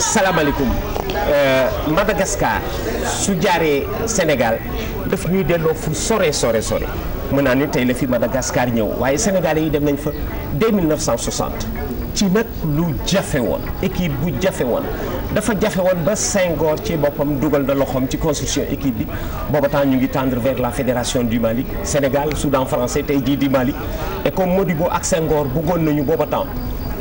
salaamaaleykum euh, Madagascar su jaaree Sénégal daf ñuy delloo fu sore sore sore mën naa ne tey la fi Madagascar ñëw waaye sénégalais yi dem nañu fa dès 1960 ci nag lu jafe woon équipe bu jafe woon dafa jafe woon ba Senghor ci boppam dugal na loxoom ci construction équipe bi booba temps ñu ngi tendre vers la fédération du Mali Sénégal Soudan français tey jii di Mali et comme Modibo ak Senghor bëggoon nañu booba temps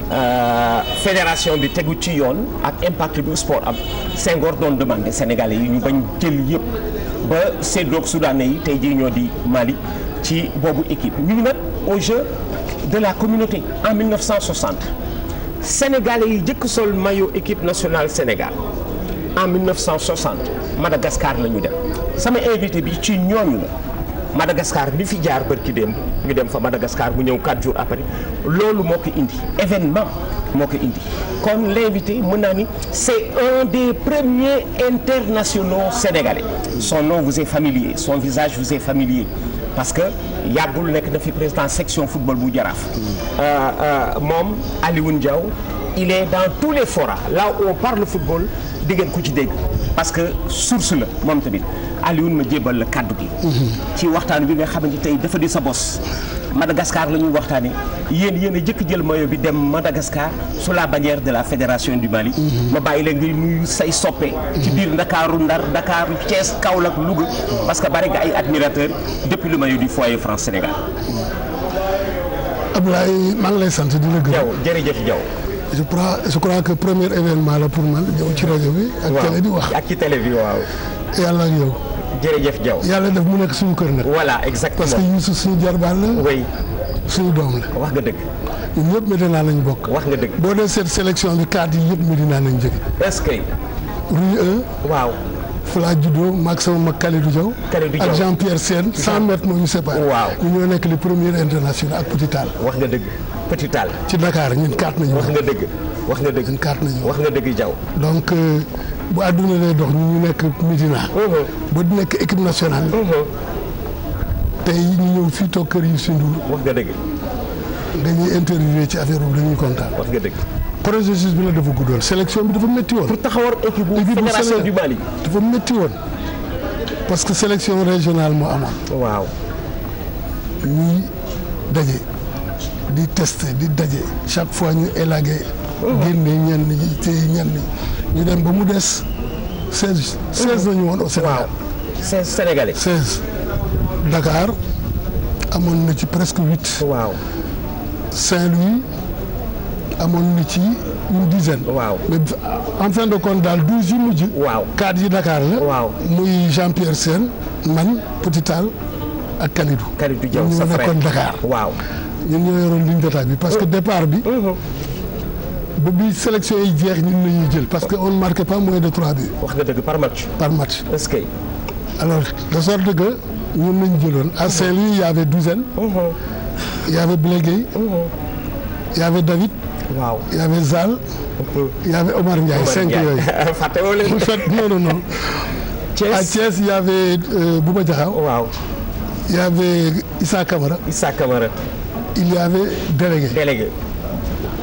Euh, fédération bi tegu ci yoon ak impact bi sport am Senghor doon demande Sénégalais yi ñu bañ jël yëpp ba seddoog Soudanais yi tey jii ñoo di Mali ci boobu équipe ñu au jeu de la communauté en 1960 Sénégalais yi jëkk sol maillot équipe nationale Sénégal en 1960 Madagascar la ñu dem sama invité bi ci ñooñu la. Madagascar bi fi jaar bërki démb ñu dem fa Madagascar mu ñëw 4 jours après loolu moo ko indi événement moo ko indi kon l'invité mën naa ni c'est un des premiers internationaux sénégalais son nom vous est familier son visage vous est familier parce que yàggul nekk na fi président section football bu Jaraaf euh, euh, moom Alioune Diaw il est dans tous les fora là où on parle football di ngeen ko ci dégg parce que source la moom tamit Alioune ma jébal la kàddu gi. ci waxtaan bi nga xam ne tey dafa di sa bos. Madagascar la ñuy waxtaanee yéen yéen a jëkk jël maillot bi dem Madagascar su la bannière de la fédération du Mali. ma bàyyi leen ngay nuyu say soppe. ci biir Ndakaaru Ndar Ndakaaru Thiès Kaolack Louga. parce que bare nga ay admirateurs depuis le maillot di foyer France Sénégal. Abdoulaye maa ngi lay sant di la jërëjëf Diaw. je crois je crois que premier événement la pour man ñëw ci rajo bi. ak télé bi wax ak ci télé yàlla ak yow. jërëjëf Diaw. yàlla def mu nekk suñu kër nag. voilà exactement parce que Youssou suñu jarbaan la. oui suñu doom la. wax nga dëgg. ñun ñëpp Medina lañ bokk. wax nga dëgg boo dee seet sélection bi cadre yi yëpp Medina lañ jóge. est-ce que. Rue e. waaw. Fala judo maag sama mag Kalidou Diaw. Kalidou Diaw ak Jean Pierre Sène. 100 mètres moo ñu séparé. waaw ñu ñoo nekk le premier international ak Petit Tall. wax nga dëgg. Petit Tall. ci Dakar ñun kaat nañu. wax nga dëgg wax nga dëgg. ñun kaat nañu wax nga dëgg jaw donc euh, bu àdduna lay dox ñu nekk Médina. ba di nekk équipe nationale. tey ñu ñëw fii toog kër yi si wax nga dëgg. dañuy interviewé ci affaire boobu dañuy kontaan. wax nga dëgg. processus bi la dafa guddoon sélection bi dafa métti woon. pour taxawal équipe bu fédération du Mali. dafa métti woon parce que sélection régionale moo am waaw. ñuy daje. di tester di daje chaque fois ñu élagué. génne ñenn ñi téye ñenn ñi ñu dem ba mu des seize. seize la ñu woon au Sénégal. seize sénégalais. Dakar amoon na ci presque huit. Saint-Louis amoon na ci une dizaine. waaw mais en fin de compte daal douze yu mujj. waaw cadre yi Dakar la. waaw muy Jean Pierre Sène man Petit ak Kalidou. Kalidou Diaw sa nekkoon Dakar. ñun ñoo yoroon ligne d'attaque bi parce que euh. départ bi. Euh. ba bi sélection yi jeex ñun nañu jël parce que on ne marque pas moins de trois buts. wax nga dëgg par match. par match est-ce que. alors de sorte que ñun la ñu jëloon à Saint-Louis y avait douzaine. Euh. y avait Blé Guèye. y avait David. waaw y Omar Ndiaye cinq yooyu. fàttewoo leen bu fekk non non non. Thiès à Thiès y Camara. il y avait délégué. délégué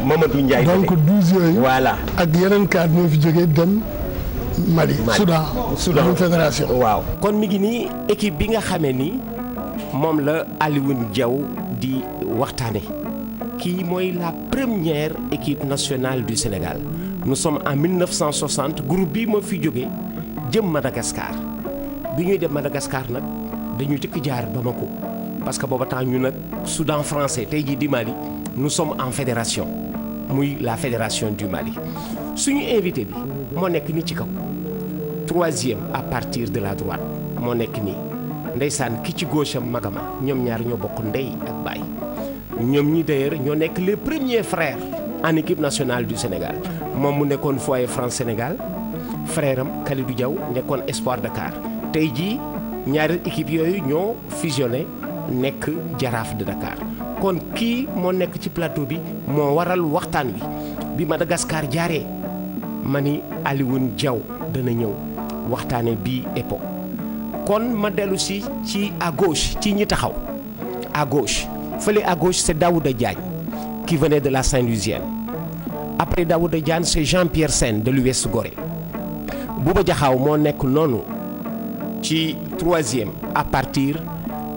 Mamadou Ndiaye. donc douze yooyu. voilà ak yeneen cadre ñoo fi jógee dem. Mali Soudan Soudan fédération. waaw kon mi ngi nii équipe bi nga xamee ni moom la Alioune jaw di waxtaane kii mooy la première équipe nationale du Sénégal nous sommes en 1960 groupe bii moo fi jógee jëm Madagascar bi ñuy dem Madagascar nag dañu tëkk jaar Bamako. parce que booba temps ñu nag Soudan français tey jii di Mali nous sommes en fédération muy la fédération du Mali suñu invité bi moo nekk nii ci kaw troisième à partir de la droite moo nekk nii ndeysaan ki ci gauche am magama ñoom ñaar ñoo bokk ndey ak baay ñoom ñi d'ailleurs ñoo nekk les premiers frères en équipe nationale du Sénégal moom mu nekkoon foyer France Sénégal frère am Kalidou Diaw nekkoon Espoir Dakar tey jii ñaari équipe yooyu ñoo fusionné. nekk jaraaf de Dakar kon kii moo nekk ci plateau bi moo waral waxtaan wi bi Madagascar jaaree ma ni aliwun Diaw dana ñëw waxtaane bii épo kon ma dellusi ci à ci ñi taxaw à fële à gauche c'est Daouda Diagne qui de la Saint-Louisienne après Daouda Diagne c'est Jean-Pierre Sène de l'US Gorée Bouba Diaxaw moo nekk noonu ci troisième à partir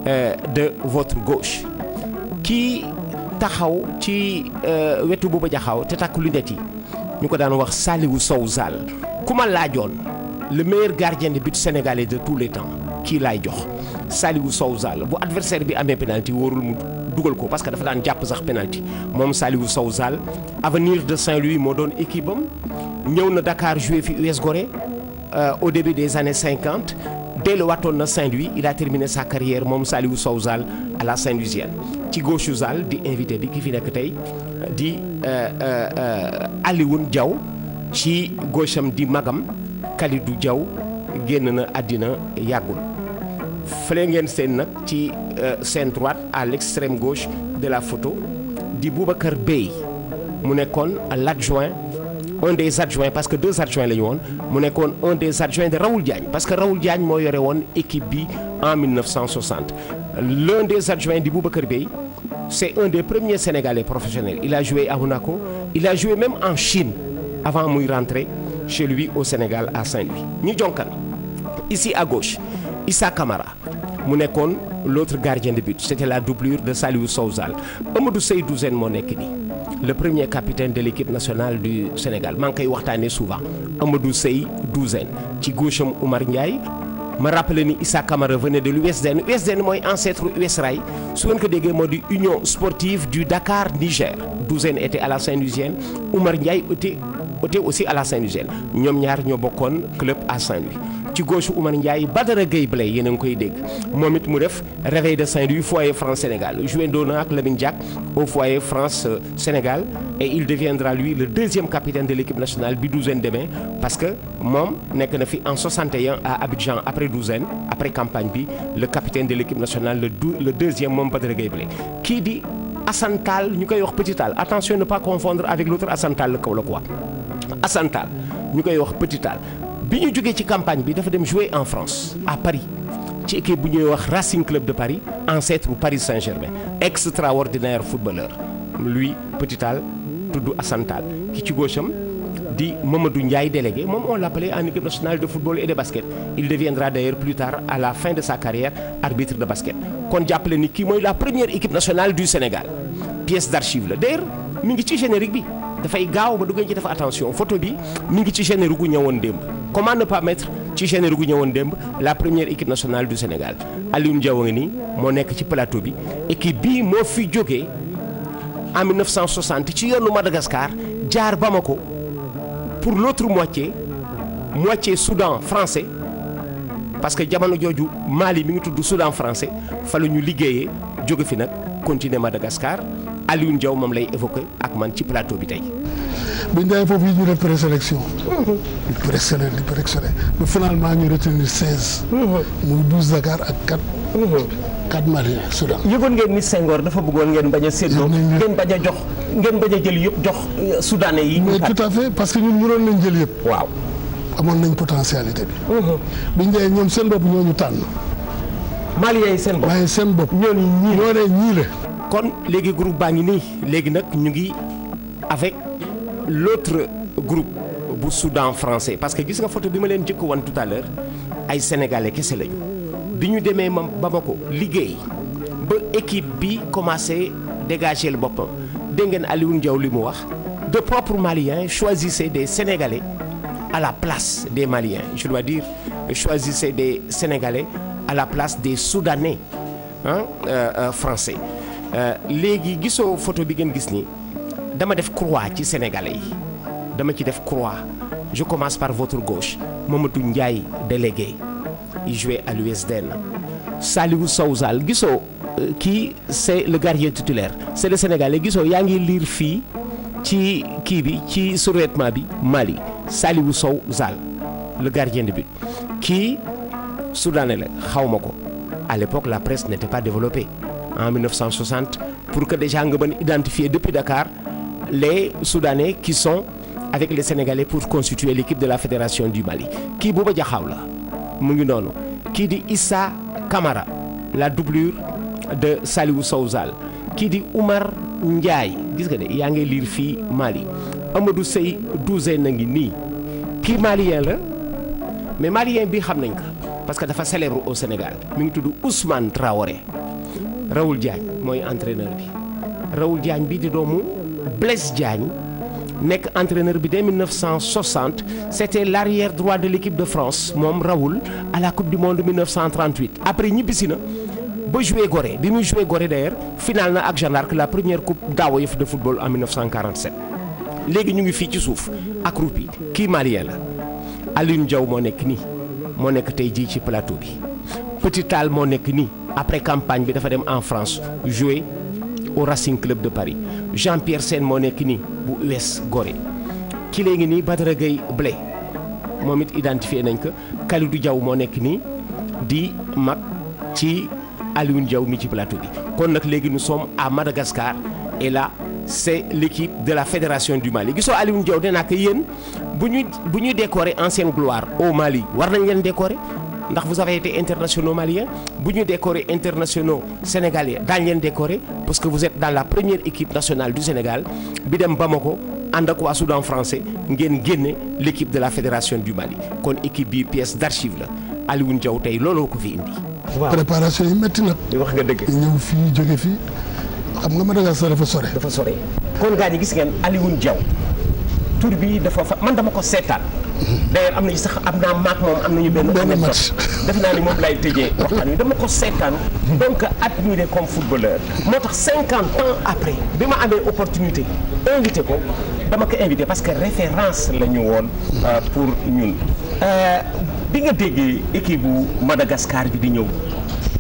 Euh, de votre gauche kii taxaw ci euh, wetu Bouba Diakhao te takk lunettes yi ñu ko daan wax Saliou Sow Sall ku ma laajoon le meilleur gardien de but sénégalais de tous les temps kii laay jox Saliou Sow Sall bu adversaire bi amee penalty wóorul mu dugal ko parce que dafa daan jàpp sax penalty moom Saliou Sow Sall avenir de Saint-Louis moo doon équipe am ñëw na Dakar joué fi US Gorée euh, au début des années 50 delluwaatoon na Saint-Louis il a terminé sa carrière moom Saliou Sow Zal à la Saint-Louisienne ci gauche Zal di invité bi ki fi nekk tey di euh, euh, Alioune Diaw ci gauche di magam Kalidou Diaw génn na àddina yàggul fële ngeen seen nag ci euh, seen droite à l'extrême gauche de la photo di Boubacar Bèye mu nekkoon l'adjoint un des adjoints parce que deux adjoints la ñu woon mu nekkoon un des adjoints de Raoul Diagne parce que Raoul Diagne moo yore woon équipe bi en 1960 l'un des adjoints di Boubacar Beye c'est un des premiers Sénégalais professionnels il a joué à Monaco il a joué même en Chine avant muy rentré chez lui au Sénégal à Saint-Louis ñu jonkan ici à gauche Issa Camara mu nekkoon l'autre gardien de but c'était la doublure de Saliou Sow Sall Amadou Seydou Sène moo nekk nii le premier capitaine de l'équipe nationale du Sénégal maa ngi koy waxtaanee souvent Amadou Sey douzaine ci gauche am Oumar Ndiaye ma rappelé ni Issa Camara venait de l'USDN USDN mooy ancêtre US Rail su ngeen ko déggee moo di Union sportive du Dakar Niger douzaine était à la Saint-Louisienne Oumar Ndiaye était était aussi à la Saint-Louisienne ñoom ñaar ñoo bokkoon club à Saint-Louis ci gauche Oumar Ndiaye Badara Gueye Blay yéen a ngi koy dégg moom it mu def réveil de Saint-Louis foyer France Sénégal joué doon ak Lamine Diack au foyer France Sénégal et il deviendra lui le deuxième capitaine de l'équipe nationale bi douzaine demain parce que moom nekk na fi en Abidjan après douzaine après campagne bi le capitaine de l'équipe nationale le deuxième moom Badara Gueye Blay kii di Assane ñu koy wax Petit Tall attention ne pas confondre avec l'autre Assane Tall le bi ñu jógee ci campagne bi dafa dem jouer en France à Paris ci équipe bu ñuy wax Racing Club de Paris ancêtre bu Paris Saint-Germain extraordinaire footballeur lui Petit Tall tudd Assane Tall ki ci gauche am di Mamadou Ndiaye délégué moom on l'appelait en équipe nationale de football et de basket il deviendra d'ailleurs plus tard à la fin de sa carrière arbitre de basket kon jàppale ni ki mooy la première équipe nationale du Sénégal pièce d'archive la d'ailleurs mi ngi ci générique bi dafay gaaw ba du ngeen ci def attention photo bi mu ngi ci générique gu ñëwoon démb comment ne pas mettre ci générique gu ñëwoon démb la première équipe nationale du Sénégal Aliou Ndiaw a nii moo nekk ci plateau bi équipe bii moo fi jógee en 1960 ci yoonu Madagascar jaar ba Bamako pour l'autre moitié moitié Soudan français parce que jamono jooju Mali mi ngi tudd Soudan français fa la ñu liggéeyee jóge fi nag continuer Madagascar Alioune Diaw moom lay évoqué ak man ci plateau bi tey. biñ demee foofu yi ñu def présélection. ñu présélectionné di présélectionné ba finalement ñu retenir seize. muy dafa bëggoon ngeen bañ a séddoo ngeen bañ a jox ngeen bañ a jël yëpp jox euh, soudanais yi. que ñun mënoon nañ jël yëpp. nañ potentialité bi. biñ demee ñoom seen bopp ñoo tànn. Maliens yi seen bopp ñooñu ñii kon léegi groupe baa ngi nii léegi nag ñu ngi avec l'autre groupe bu Soudan français parce que gis nga photo bi ma leen jëkk wan tout à l'heure ay sénégalais kese lañu bi ñu demee ma Bamako liggéey ba équipe bi commencé dégager le boppam dégg ngeen Alioune li mu wax de propres Maliens choisissez des Sénégalais à la place des malien je dois dire choisissez des Sénégalais à la place des Soudanais euh, euh, français Euh, léegi gisoo photo bi ngeen gis ni dama def croix ci sénégalais yi dama ci def croix je commence par votre gauche Mamadou Ndiaye délégué il jouait à l'USDN Saliou Sawzal gisoo euh, kii c'est le gardien titulaire c'est le sénégalais gisoo yaa ngi liir fii ci kii bi ci survêtement bi Mali Saliou Sow Zal lu gardien de but kii soudanais la xaw ma ko à l'époque la presse n'était pas développée en 1960 pour que déjà nga mën identifier depuis Dakar les Soudanais qui sont avec les Sénégalais pour constituer l'équipe de la fédération du Mali kii Bouba Diakhaw la mu ngi noonu kii di Issa Camara la doublure de Saliou Sow Sall kii di Oumar Ndiaye gis nga de yaa ngi liir fii Mali Amadou Sey Douzé na ngi nii kii malien la mais malien bi xam nañ ko parce que dafa célèbre au Sénégal mi ngi tudd Ousmane Traoré Raoul Diagne mooy entraîneur bi Raoul Diagne bi di doomu Blaise Diagne nekk entraîneur bi dès 1960 c'était l'arrière droit de l'équipe de France moom Raoul à la coupe du monde 1938 après ñibbisi na ba joué Gorée bi muy joué Gorée d'ailleurs final na ak Jeanne d'Arc la première coupe d'AOF de football en 1947 léegi ñu ngi fii ci suuf accroupi kii malien la Alioune Diaw moo nekk nii moo nekk tey jii ci plateau bi Petit moo nekk nii après campagne bi dafa dem en France jouer au Racing Club de Paris Jean-Pierre Sène moo nekk nii bu US Gorée ci léegi nii Badara Gueye Blé moom it identifié nañ ko Kalidou Diaw moo nekk nii di mag ci Alioune Diaw mi ci plateau bi kon nag léegi nu sommes à Madagascar et là c'est l'équipe de la fédération du Mali gisoo Alioune de danaa ko yéen bu ñuy bu ñuy décorer ancienne gloire au Mali war nañ leen décorer ndax vous avez été internationaux maliens bu ñu décorer internationaux sénégalais daañu leen décorer parce que vous êtes dans la première équipe nationale du Sénégal bi dem ba ko ànd ak waa Soudan français ngeen génne l' de la fédération du Mali kon équipe bi pièce d' archive la Alioune Diaw tey looloo ko fi indi. waaw préparation yi métti na. wax nga dëgg. ñëw fii jóge fii xam nga Madagascar dafa sore. dafa sore kon gaa ñi gis ngeen Alioune Diaw tur bi dafa fa man dama ko seetaan. d'ailleurs am na ñi sax am naa maak moom am nañu benn anecdote def naa ni moom lay tëjee waxtaan wi dama ko seetaan donc admiré comme footballeur moo tax cinquante ans après bi ma amee opportunité invité ko dama ko invité parce que référence la ñu woon euh, pour ñun euh, bi nga déggee équipe bu Madagascar bi di ñëw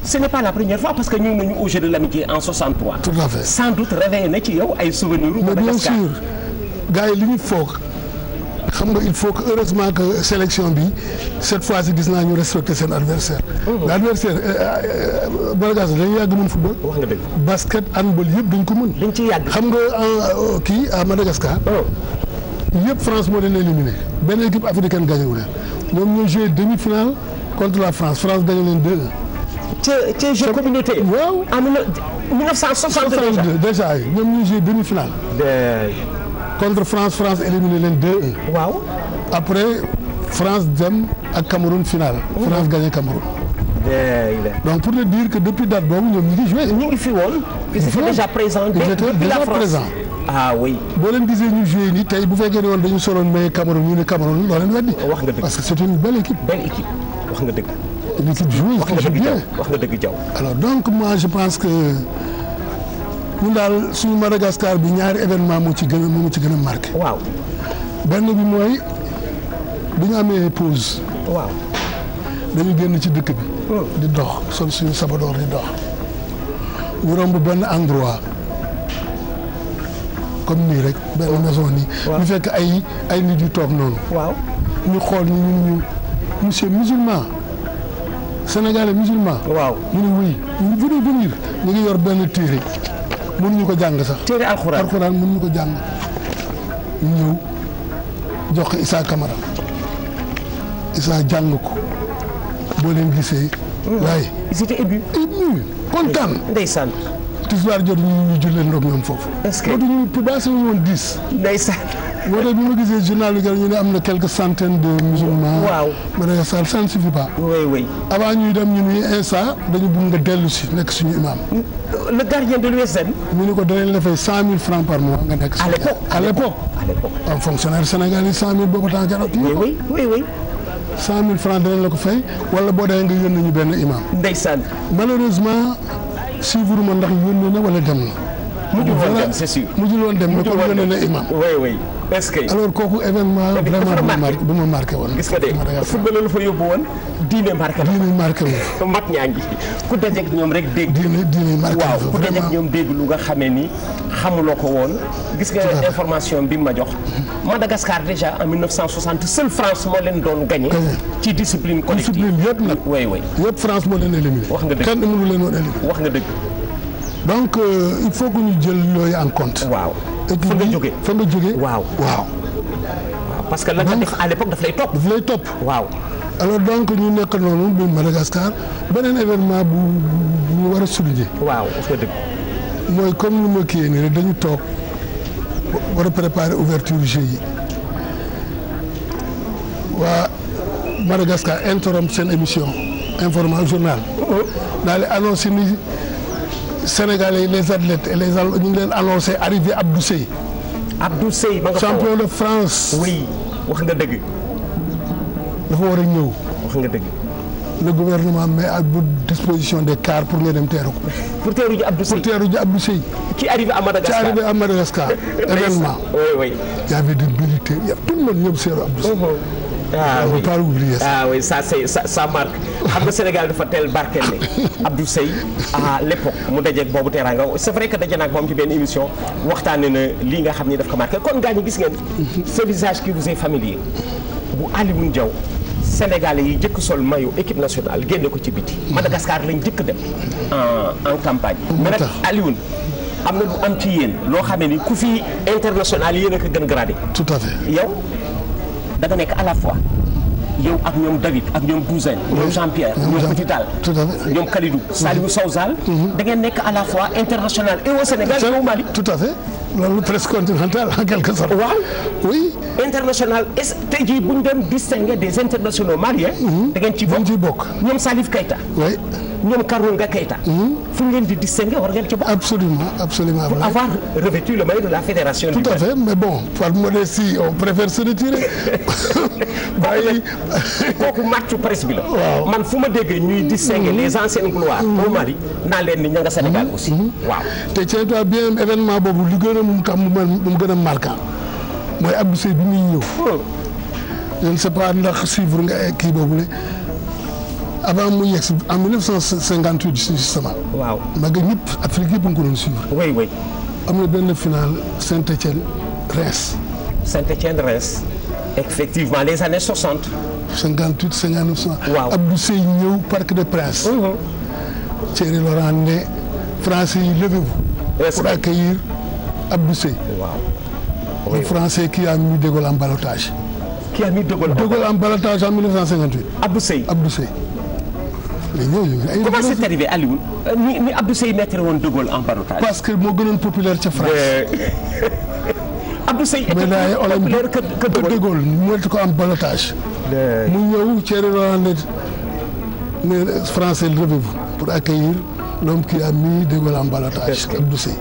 ce n'est pas la première fois parce que ñëw nañu au jeu de l'amitié en 63 tout à fait sans doute réveillé na ci yow ay souvenirs mais bien sûr gars li ñu foog xam nga il faut que heureusement que sélection bi cette fois ci gis naa ñu respecter seen adversaire oh. l' adversaire euh, euh, euh, Bargas dañu yàgg mën football. wax nga dëgg basket handball yëpp dañ ko mën. dañ ciy yàgg xam nga kii à Madagascar. Oh. yëpp France moo leen éliminé benn équipe africaine gagné wu leen ñoom ñoo joué demi finale contre la France France gagné leen 2-1. ca ca jeu communautaire. waaw en 1962 déjà. déjà ñoom ñoo joué demi finale. contre France France éliminé leen 2-1. waaw après France dem ak Cameroun finale. France gagné Cameroun. donc pour te dire que depuis date boobu ñoom ñu ngi joué. ñu ngi fi woon. ils étaient déjà présents depuis la France présents. ah oui. boo leen gisee ñu joué nii tey bu fekkee ne woon dañu soloon mais Cameroun ñu ne Cameroun loo leen weddi. wax nga dëgg parce que c' est une belle équipe. belle équipe wax nga dëgg. une équipe jouée. wax nga dëgg Diaw wax nga dëgg Diaw alors donc moi je pense que. ñun daal suñu Madagascar bi ñaari événement moo ci gën a moo ci gën a marqué. waaw benn bi mooy bi ñu amee pause. waaw dañu génn ci dëkk bi. Hmm. di dox sol suñu sabadoor di dox. ñu romb benn endroit comme nii rek. benn maison nii. ñu fekk ay ay nit yu toog noonu. waaw ñu xool ñu ñu monsieur musulman sénégalais musulman. waaw ñu ne wuy ñu ñu ngi yor benn téere. mënuñu ko jàng sax. téere alxuraan alxuraan mënuñu ko jàng ñu jox ko Issa Camara Issa jàng ko boo leen gisee. Mm. waaye ils étaient émus. émus kontaan. ndeysaan. tisbaar jot ñu ñu julleen ndoog ñoom foofu. est-ce que ñu passé wu woon dix. ndeysaan. moo bi ma gisee journal bi ñu ne am na quelques centaines de musulmans. waaw ma ne ça ça ne suffit pas. ñuy dem ñu ne Issa dañu bëgg nga dellu si nekk suñu imaam. Mm. le gardien de l'USM USM. mu ni ko danañ la fay cent mille francs par mois nga nekk. à l'époque cent mille boobu temps jaratu ko. oui la ko fay wala boo demee nga yónnee ñu benn imam. ndeysaan. malheureusement suivre ma ndax yónnee na wala dem na. mujjul woon dem c'est sûr woon dem mais comme yónnee na imam. est-ce que alors kooku événement vraiment bu ma marqué woon. gis nga de football la fa yóbbu woon diine marqué la diine marqué la. mag ñaa ngi ku dajeeg ñoom rek dégg. diine diine marqué la waaw ku dajeeg ñoom dégg lu nga xamee ni xamuloo ko woon. gis nga information bi ma jox. Madagascar déjà en 1960 seul France moo leen doon gagné. Eh. ci discipline collective discipline nag. oui oui yëpp France moo leen éliminé. wax nga dëgg kenn mënu leen woon éliminé. wax nga dëgg. donc euh, il faut que ñu jël yooyu en compte. waaw. fa nga jógee fa nga jógee waaw waaw parce que la nga def à l'époque daf lay topp daf lay topp waaw alors donc ñu nekk noonu bu Madagascar beneen événement bu bu war a souligner waaw wax dëgg mooy comme ni ma kii nii dañu toog war a préparer ouverture jeux yi waa Madagascar interrompt seen émission informa journal oh. daal di annoncé Sénégalais les athlètes et les ñu ngi leen annoncé arrivé Abdou Seye. Abdou Seye ba nga champion de France. oui wax nga dëgg. dafa war a ñëw. nga dëgg. le gouvernement met à votre disposition des cars pour nga dem teeru ko. pour teeru ji Abdou Seye pour teeru ji Abdou Seye. qui arrive à Madagascar qui arrive à Madagascar. événement. oui oui. y avait a tout le monde seeru Abdou Seye. Uh-huh. ah, ah oui pas oublier sa ah oui ça c'est xam nga Sénégal dafa teel barkeel ne Abdou Seye à l'époque mu dajeeg boobu teraanga c'est vrai que daje naag moom ci benn émission waxtaanee na lii nga xam ni daf ko marqué kon gaa ñi gis ngeen. ce visage qui vous est familier bu Alioune jaw Sénégalais yi jëkk sol maillot équipe nationale génne ko ci biti. Madagascar lañ jëkk dem en campagne. mais nag Alioune. am na lu am ci yéen loo xam ne ni ku fi international yéen a ko gën gradé. tout da nga nekk à la fois yow ak ñoom David ak ñoom Douzaine ñoom Jean Pierre ñoom Petit Tall ñoom Kalidou Saliou Sawzal mhm. da ngeen nekk à la fois international et au Sénégal et au Mali tout à fait loolu presse continentale en quelque sorte. waaw oui. international est tey jii bu ñu doon distinguer des internationaux maliens. Mhm. da ngeen ci bokk da ngeen ciy bokk. ñoom Salif Keita. oui. ñoom Karunga Keita. Hmm? fu ñu leen di distinguer war ngeen ci bokk. absolument absolument pour avoir revêtu le maillot de la fédération. tout à fait mais bon par modestie on bi la. waaw man fu ma déggee ñuy distinguer hmm. les anciennes gloires. Hmm. au Mali naa leen ni ña nga aussi. waaw te tiens-toi bien événement boobu li gën a mu tax mu gën a marquant mooy Abdou Seye bi muy ñëw. je ne pas ndax suivre nga kii boobu la. avant mu yegg en 1958 justement. waaw mag ñëpp Afrique yëpp nga ko suivre. am na benn finale sent étienne Reims. Saint-Étienne Reims. effectivement les années 60. 58 59. waaw Abdou Seye ñëw des Princes. Mhm. Thierry Laurent ne français yi levez-vous. pour accueillir Abdou Seye. waaw. le français qui a mis De Gaulle en ballottage. qui a mis De Gaulle comment c'est arrivé Aliou euh, ni ni Abdou Seye mettre woon de Gaulle en ballottage. que moo gënoon populaire ca France. Abdou Seye était populaire mu mettre ko am ballottage. mu ñëw Thierry Roland ne ne français pour accueillir l'homme qui a mis de Gaulle en ballottage. Abdou Seye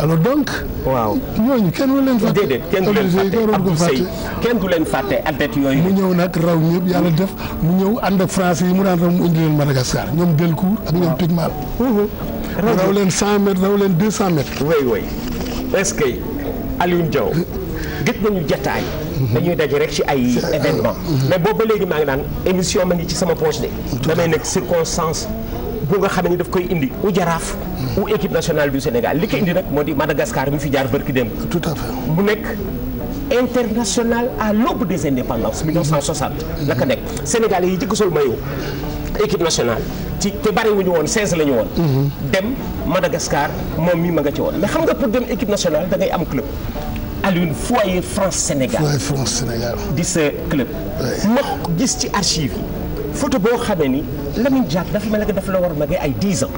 alors donc. waaw ñooñu kenn du leen fàtte. déedéet kenn du leen leen fàtte athlètes yooyu. mu ñëw nag raw ñëpp yàlla def mu ñëw ànd ak français yi mu daan raw mu indi leen Madagascar ñoom Delcourt ak ñoom Pygmal. Mhm. raw leen cent mètres leen deux cent mètres. way way est-ce que Alioune Diaw gëj nañu jataay. Mhm. dañuy daje rek ci ay événement mhm. mais boobu ba léegi maa ngi naan émission ma ngi ci sama poche de. damay nekk circonstance bu nga xam ni daf koy indi u jaraaf. ou équipe nationale du Sénégal li ko indi nag moo di Madagascar mu fi jaar barki démb. tout à fait mu nekk international à l'aube des indépendances 1960 la ka nekk Sénégalais yi jëkk sol maillot équipe nationale ci te bari wuñu woon 16 la ñu woon. Mhm. dem Madagascar moom mii ma nga ci woon mais xam nga pour dem équipe nationale da ngay am club. Alioune Foyer France Sénégal Foyer France di sa club. ma gis ci archive photo boo xamee ni Lamine Diack daf mel ne dafa la war a magee ay 10 ans.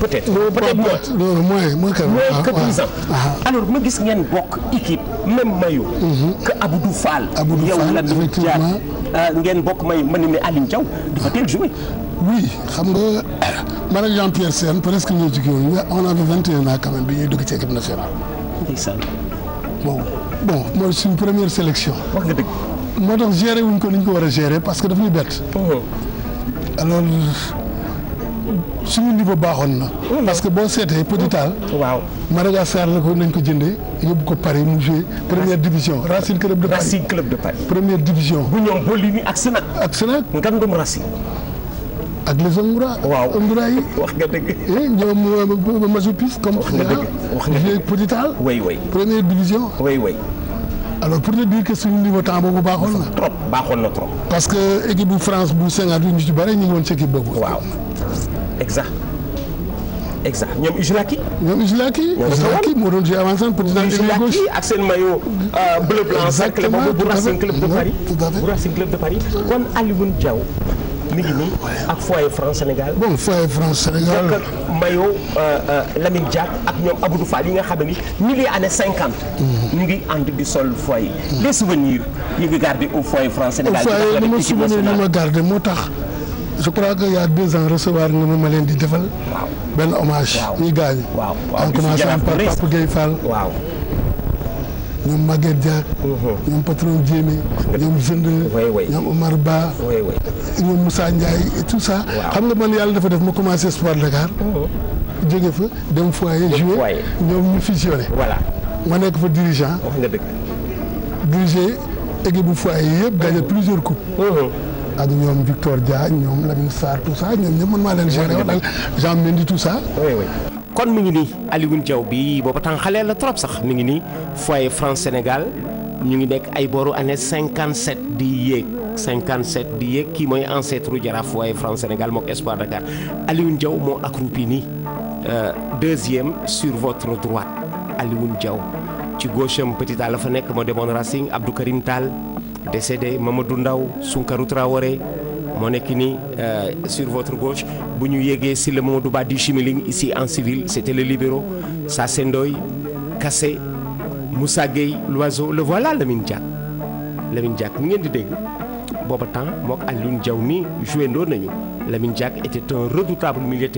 peut-être peut-être moins ah, ah. ma gis ngeen bokk équipe même maillot. Mhm. que Abdou Fall. Abdou Fall yow Lamine Diack ah, ngeen bokk may ma ne mais Aliou teel joué. oui xam nga man ak Jean Pierre Sène presque ñoo ci yooyu on avait 21 ans quand même bi ñuy dugg ci équipe nationale. ndeysaan. bon bon mooy première sélection. moo tax gérer wuñ ko ni ñu ko war a gérer parce que daf ñu bett. Oh. alors suñu niveau baaxoon na. Oh. parce que boo seetee Petit Al. waaw Madagascar la ko nañ ko jënde yóbbu ko Paris mu joué première division Racing Club de Paris Racing Club première division. bu ñoom li ni ak Sénac. ak Sénac ngandum Racing. ak les Ongoura. waaw Ongoura wax nga dëgg. Eh, ñoom euh, euh, Masopis comme. wax nga dëgg wax nga dëgg Petit Al. way way première division. alors pour te dire que suñu niveau temps boobu baaxoon na. trop baaxoon na trop. parce que équipe bu France bu cinquante ñu ci bëri ñu ngi woon ci équipe boobu. waaw exact exact ñoom Ujulaki. ñoom Ujulaki. Ujulaki moo doon joué avancé petit à gauche ak seen maillot euh, bleu blanc. exactement Club de Paris bu Racing Club de Paris kon Alioune Diaw. mi ngi nii ak foyer France Sénégal. bon foyer France Sénégal ak Mayo euh, euh, Lamine Diack ak ñoom Abdou Fall yi nga xam ne milieu année cinquante. Mhm. ñu ngi ànd di sol foyer. Mhm. les souvenirs yi nga gardé au foyer France Sénégal. di ma souvenir ni ma gardé moo tax. je crois que y' a deux ans recevoir nga ma leen di defal. benn hommage. ñi gaañu. waaw en commençant par Pape Gueye Fall. waaw. ñoom Maguette Diak. Mhm. ñoom patron Diémé. ñoom Jeune. ñoom Omar Ba. ñoom Moussa Ndiaye et tout ça. xam nga man yàlla dafa def ma commencé Espoir Dakar. Mhm. jóge fa dem foyer joué ñoom ñu fusionné. voilà ma nekk fa dirigeant. wax nga dëgg. dirigé équipe bu foyer yëpp gagné plusieurs coupes. Mhm. ak ñoom Victor Dia ñoom Lamine Sarr tout ça ñoom ñëpp man maa leen géré woon ak Jean Mendy tout ça. kon mi ngi nii Alioune Diaw bii booba tàng la trop sax mi ngi nii foyer France Sénégal ñu ngi nekk ay booru année 57 di yéeg 57 di yéeg kii mooy ancêtre jaraaf foyer France Sénégal moo mook Espoir Dakar Alioune jaw moo ak accroupi nii euh, deuxième sur votre droite Alioune Diaw ci gauche am Petit Tall la fa nekk moo demoon Racing Abdou Karim Tall décédé du Ndaw Sounkarou Traoré moo nekk ni euh, sur votre gauche bu ñu yéegee si le Mamadou Ba du Chimiling ici en civil c'était les libéraux Sassé Ndoye Kassé Moussa Gueye Loiseau le voilà Lamine Diack Lamine Diack mu ngeen di dégg booba temps mook Alioune Diaw mi joué ndoon nañu Lamine Diack était un redoutable milieu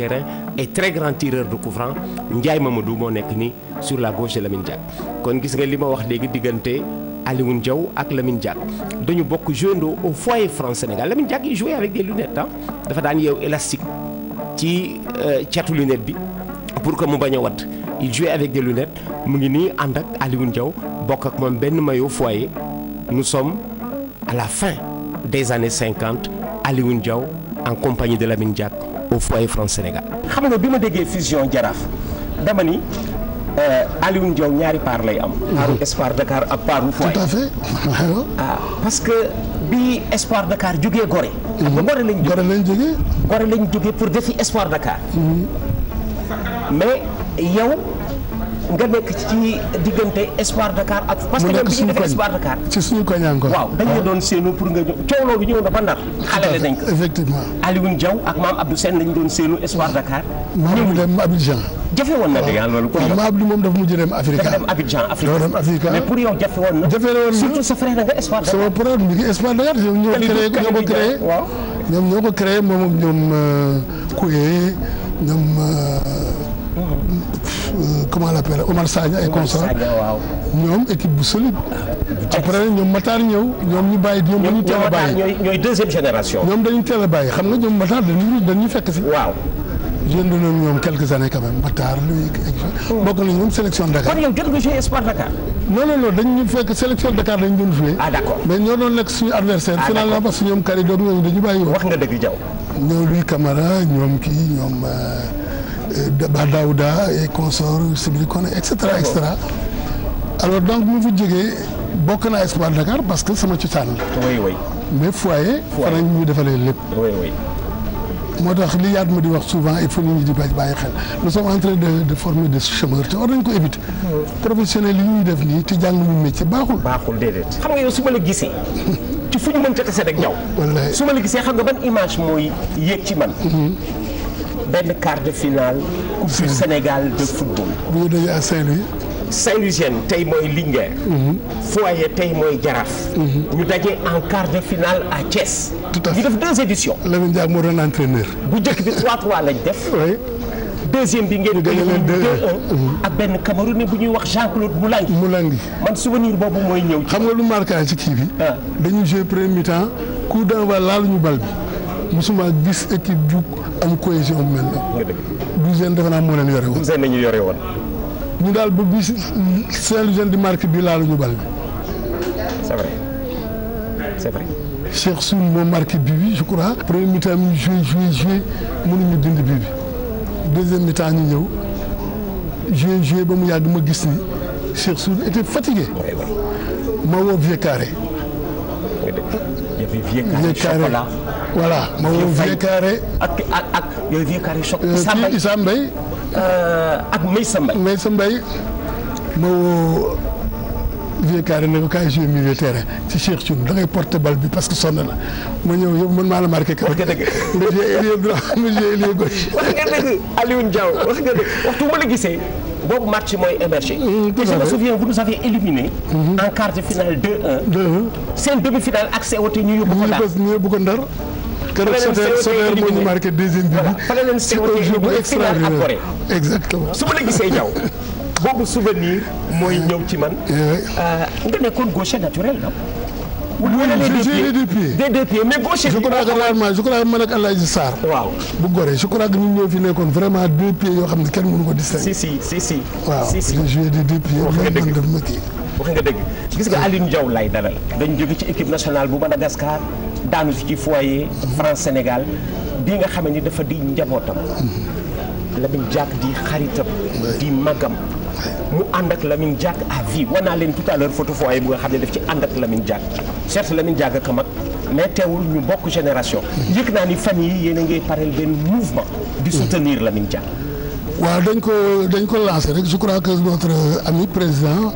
et très grand tireur de coup franc Ndiaye Mamadou moo nekk ni sur la gauche de Lamine Diack kon gis nga li ma wax léegi diggante Alioune jaw ak Lamine Diack dañu bokk jouendoo au foyer France Sénégal Lamine Diack yi joué avec des lunettes dafa daan yeew élastique ci euh, catu lunette bi pour que mu bañ a wadd il jouait avec des lunettes mu ngi nii ànd ak Alioune Diaw bokk ak moom benn maillot foyer nous sommes à la fin des années 50 Alioune Diaw en compagnie de Lamine Diack au foyer France Sénégal. xam nga bi ma déggee fusion Jaraaf dama ni. Euh, Alioune Diop ñaari part lay am. paaru mhm. Espoir Dakar ak paaru Foyer. tout ah, parce que bi Espoir Dakar jógee Gorée. ba mhm. Gorée lañ jógee Gorée lañ jógee. Gorée pour defi Espoir Dakar. Mhm. mais yow. nga nekk ci diggante Espoir Dakar ak. parce que ñoom bi ñu defee Espoir Dakar. ci suñu koñ encore waaw dañ la doon séenu pour nga ñëw coow loolu ñëw na ba ndar. xalale nañ ko effectivement. ak maam Abdou Sène lañ doon séenu Espoir Dakar. ñëwul maam dem Abidjan. jafe woon na dëgg loolu. pour maam Abdou moom dafa mujj dem Afrique. dafa dem Abidjan Afrique dafa na. nga Espoir Dakar. sama problème mi ngi Espoir Dakar ñoom ñoo créé ñoo ko créé. moom ñoom Kouye ñoom Euh, comment l' appelle Omar Sagna et consort ñoom équipe bu solide. après ñoom Matar ñëw ñoom ñu bàyyi ñoom dañu teel a bàyyi ñoom dañu a fekk si. waaw. jënd ñoom quelques fekk sélection Dakar dañ doon joué. Ah, mais ñoo doon nekk suñu adversaire ah, finalement parce que ñoom Karidor ñooñu dañu bàyyi. wax nga dëgg Diaw. ñoom Louis Camara ñoom kii ñoom. Euh, Euh, Daouda et consorts Sibirikone et cetera et cetera alors donc mu fi jógee bokk naa Espoir Dakar parce que sama cosaan la. oui oui. mais foyer. foyer fan ñu defalee lépp. moo tax li yaat ma di wax souvent il faut nit ñi di bàyyi xel nous sommes en train de de former des chômeurs te war nañ ko éviter. professionnels yi ñuy def nii te jànguñu métier baaxul. baaxul déedéet. xam nga yow su ma la gisee. ci fu ñu mën a tase rek ñaw. wallaay su ma la gisee xam nga ban image mooy yéeg ci man. Mhm. benn quart de finale coupe du Sénégal de football. bu ñu dajee à Saint-Louis. Saint-Louisienne tey mooy Linguère. Mhm. Foyer tey mooy Jaraaf. Mhm. ñu daje en quart de finale à Thiès. tout à fait ñu def deux éditions. Lamine Diack moo doon entraîneur. bu njëkk bi 3-3 lañ def. deuxième bi ngeen gagné leen 2 mhm. ak benn Camerounais bu ñuy wax Jean-Claude Moulangi. Moulangi man souvenir boobu mooy ñëw. xam nga lu marqué ci kii bi. Ah. dañuy jouer premier mi-temps coup d'envoi laal ñu bal bi. musuma gis équipe bu am cohésion bu mel na douzième defe naa moo leen yore woon. seen la ñu yore woon. ñu daal ba bi Saint-Louis di marque bi laalu ñu bal bi. c'est vrai moo marqué bi bi je crois. premier mi-temps mi jui joué joué mënuñu dindi bi bi deuxième mi-temps ñu ñëw joué joué ba mu yàgg ma gis ni Cheikh Soun était fatigué. ma woo Vieux il y avait vieux carré chocolat. voilà moom vieux carré. ak ak ak yooyu vieux carré chocolat. Euh, Sambay kii Sambay. Euh, ak May Sambay. May Sambay ma woo vieux carré ne ko kaay joué milieu terrain ci Cheikh Thioune da ngay porte balle bi parce que sonn na ma ñëw yow man maa la marqué. wax nga dëgg monsieur Elie Droit monsieur Elie Gauche. wax nga dëgg Alioune Diaw wax nga dëgg waxtu ma la gisee. boobu match mooy émergé. Euh, te je me souviens vous nous avez éliminé. Mhm. en quart de finale 2-1. 2-1 seen demi-finale accès wote ñu yóbbu ko daal ñu yóbbu ko Ndar. keroog Soter Soter moo ñu marqué deuxième bi. voilà leen si wote éliminé finale ak Corée. exactement su ma la gisee ñaw. boobu souvenir mooy ñëw ci man. Eh euh, nga nekkoon gaucher naturel la. wala les deux pieds des deux pieds mais man ak Alaaji Sarr waaw bu gore je crois que ñun fi nekkoon vraiment deux pieds yoo xam ne kenn mënu ko distinguer si si si si waaw les joueurs des deux pieds man daf ma kii wax nga dëgg gis nga Aliou Ndiaw lay dalal dañ jóge ci équipe nationale bu Madagascar daanu fi ci foyer France Sénégal bi nga xam ne dafa di njabootam la ñu jàkk di xaritam di magam mu ànd ak Lamine Diack à vie war naa leen tout à l'heure photo foyer bu nga xam ne def ci ànd ak Lamine Diack certes Lamine Diack ak mag mais teewul ñu bokk génération yëg naa ni fan yi yéen a ngay pareel benn mouvement di soutenir Lamine Diack waaw dañ ko dañ ko lancé rek je crois que votre ami président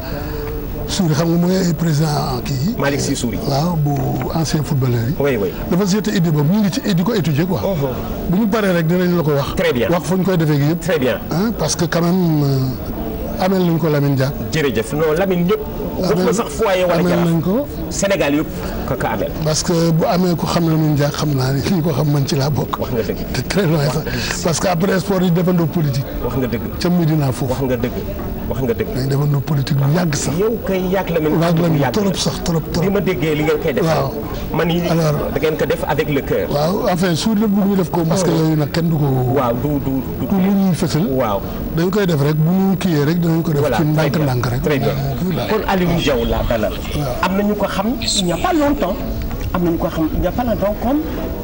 Souri xam nga mooy président kii. Malick Sy Souri. waaw bu ancien footballeur yi. oui oui dafa seetlu idée boobu ñu ngi ci di ko étudier quoi. Uh-huh. bu ñu paree rek dinañ la ko wax. très bien wax fu ñu koy defee ak parce que quand euh, amel nañ ko Lamine Dia. jërëjëf non Lamine ñëpp. amel ko sax foyer wala jaraaf ko. Sénégal yëpp ka ka parce que bu amee ko xam Lamine Dia xam naa ne ñi ko xam man ci laa bokk. wax nga dëgg te très loin sax parce que après sport yi dépendoo politique. wax nga dëgg ca Médina foofu wax nga dëgg. wax nga dëgg. lu yàgg sax. yow yàgg la mel. sax trop trop. li ma waaw man yi da suur la bu ñu def ko parce que oh. nag kenn du ko. waaw lu ñuy fësal. dañ koy def rek bu ñu kiiyee rek dañu ko def. ci ndànk ndànk rek. très am na ñu ko xam il n'y pas longtemps am nañu ko xam il n'y a pas longtemps comme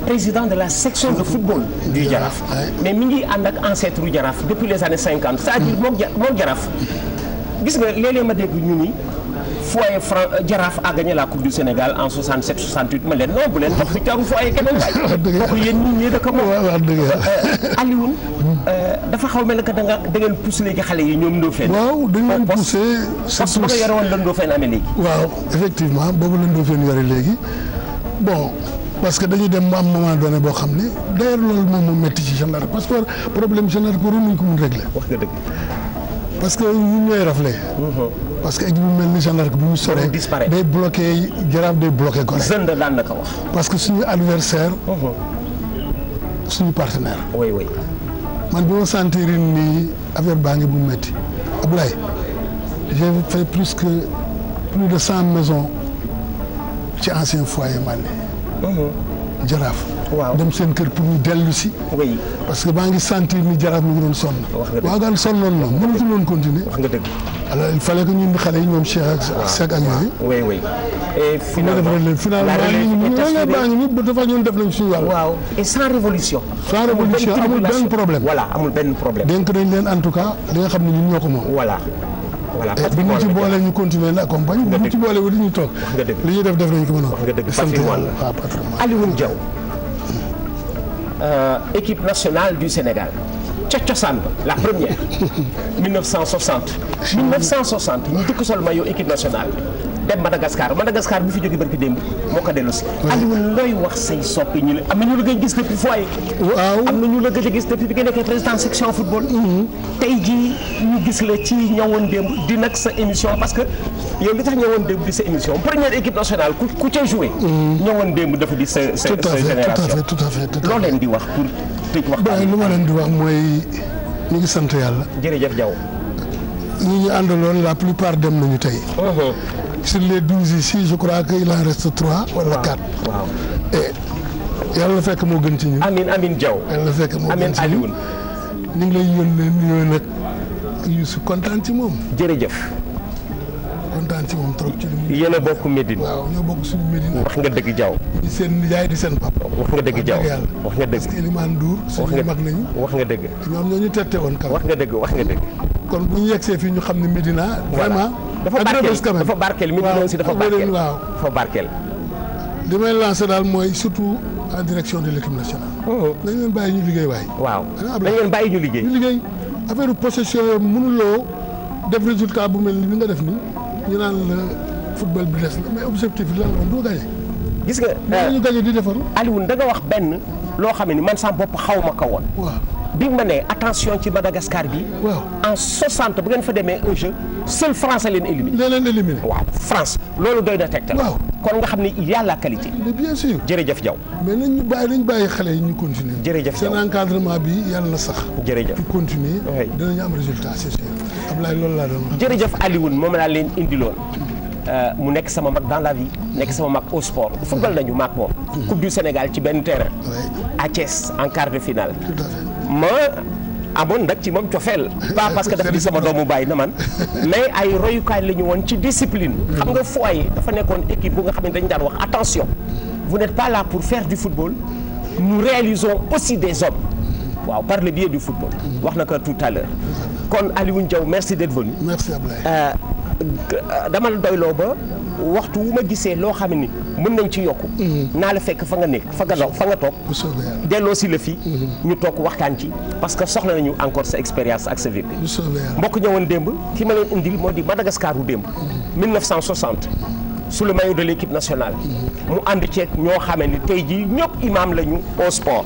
président de la section de football du Jaraaf mais mi ngi ànd ak ancêtre du Jaraaf depuis les années cinquante c'est-à-dire moom moom Jaraaf gis nga léeg-léeg ma dégg ñu ni foyer Fran Jaraaf a gagné la coupe du Sénégal en 67 68 ma leen non bu leen tax victoire foyer keneen waay. dëgg la yéen ñii ñii dëkk moom. waaw euh, euh, dafa xaw mel ne que da nga da léegi xale yi ñoom Ndofène. waaw dañu leen poussé. c'est poussé poste bu nga yore woon la waaw effectivement boobu la Ndofène yore léegi. bon parce que dañuy dem mu am moment donné boo xam ne d'ailleurs loolu moom moo métti ci gendarme parce que problème gendarme pour ñu ko mun régler. parce que ñun ñooy raflé. parce que équipe mu mel ni gendarme bu ñu soree. day bloqué jaraaf day bloqué Gorée. parce que suñu adversaire. suñu partenaire. oui oui. man bi ma sentir nii affaire baa ngi bu métti Abdoulaye j'ai fait plus que plus de cent maisons. ci ancien foyer Mané. Mhm. jaraaf. waaw dem seen kër pour ñu dellu si. parce que maa ngi sentir ni jaraaf mi ngi doon sonn. wax nga dëgg waaw gan sonnoon na mënatul woon continuer. wax nga dëgg. alors xale yi ñoom Cheikh ak Cheikh ak yooyu. oui oui. et finalement finalement ñu ngi baa ngi nii def nañ suñu wàll. waaw et sans révolution. sans révolution amul benn problème. voilà amul benn problème. dénk nañ leen en tout cas li nga xam ne ñun ñoo ko moom. voilà eh, parce que bu ñu ñu continuer la accompagne bu ñu ci boole ñu toog wax nga dëgg def def la Alioune Diaw euh, équipe du Sénégal ca cosaan la première 1960 1960 ñu dëkk sol maillot équipe nationale dem Madagascar Madagascar bi fi jógee barki démb moo ko dellu am na ñu la gëj gis depuis foyer. waaw am na ñu la gëj a gis depuis bi nga nekkee président section football. Mm-hmm. tey jii ñu gis la ci ñëwoon démb di nag sa émission parce que yow li tax ñëwoon démb di sa émission première équipe nationale ku ca joué. Mm-hmm. ñëwoon ñu ngi sant la plupart dem nañu tey. Uh-huh. sur les douze ici je crois que il en reste trois. wala quatre waaw et fekk moo gën ci ñun. amiin amiin jaw yàlla fekk moo gën ci ñun ni ngi lay yónnee nuyoo nag ñu si kontaan ci moom. jërëjëf. kontaan ci moom trop ci li. yéen a bokk Médine. waaw ñoo bokk suñu Médine. wax nga dëgg di seen nijaay di seen papa. wax nga dëgg Diaw wax nga dëgg parce que Elimane Ndour. nañu wax nga dëgg. ñoom ñoo ñu tette woon. wax nga dëgg wax nga dëgg. kon yegsee fii ñu xam ne Médina. vraiment. dafa barkeel dafa barkeel mi doon si dafa barkeel waaw dafa may lancé daal mooy surtout en direction de l' équipe nationale. Oh. nañ leen bàyyi ñu liggéey waay. waaw nañ leen bàyyi ñu liggéey. ñu liggéey affaire possession yooyu mënuloo def résultat bu mel ni bi nga def nii ñu naan la football bi des objectif bi lan la doo gagné. gis nga. ñu di defaru Alioune da nga wax benn loo xam ne man sama bopp xaw ma ko woon. waaw. bi ma ne attention ci Madagascar bi. waaw en 60 bu ngeen fa demee un seul France a leen éliminé. la leen éliminé waaw France loolu doy na tegtal. kon nga xam ne yàlla y a qualité. mais bien sûr jërëjëf Diaw. mais nañ ñu bàyyi xale yi ñu continuer. jërëjëf Diaw seen encadrement bi yàlla na sax. jërëjëf ñu continuer. oui dinañu am résultat c'est sûr. Ablaye loolu laa doon wax. jërëjëf Alioune moom laa leen indiloon. Euh, mu nekk sama mag dans la vie nekk sama mag au sport football nañu maak moom. coupe du ci benn terrain. à Thiès en quart ma amoon nag ci moom cofeel pas parce que daf di sama doomu bàyyi na man mais ay royukaay la ñu woon ci discipline xam nga foyer dafa nekkoon équipe bu nga xam ne dañu daan wax attention vous pour faire du football nous réalison aussi des hommes waaw par le biais du football wax na ko tout à l'heure kon Alioune Diaw merci des venu merci Ablaye euh, euh, dama la ba waxtu wu ma gisee loo xam ni mën nañ ci yokk mm-hmm. naa la fekk fa nga nekk fa nga fa nga toog delloo si la fi mm-hmm. ñu toog waxtaan ci parce que soxla nañu encore sa expérience ak sa vécu mbokk ñëwoon démb ki ma leen indil moo di Madagascar u démb 1960 mm-hmm. sous le maillot de l'équipe nationale mu ànd ceeg ñoo xamee ni tey jii ñëpp imam lañu au sport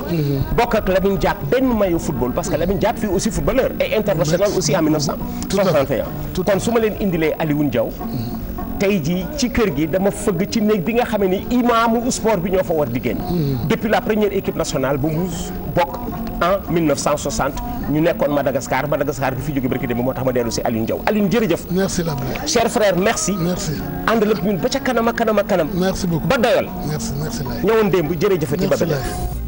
bokk ak Lamine Diack benn maillot football parce que Lamine Diack fii aussi footballeur et international aussi en 1961 kon su ma leen indilee Alioune Diaw tey jii ci kër gi dama fëgg ci néeg bi nga xamee ni imaamu sport bi ñoo fa war di génn hmm. depuis la première équipe nationale bu mu bokk en 1960 ñu nekkoon Madagascar Madagascar bi fi jóge barki démb moo tax ma dellu si Alioune Diaw Alioune jërëjëf. merci la cher frère merci. merci ànd la ñun ba ca kanam a kanam a kanam. merci beaucoup ba doyal. merci merci laay ñëwoon démb jërëjëfati ba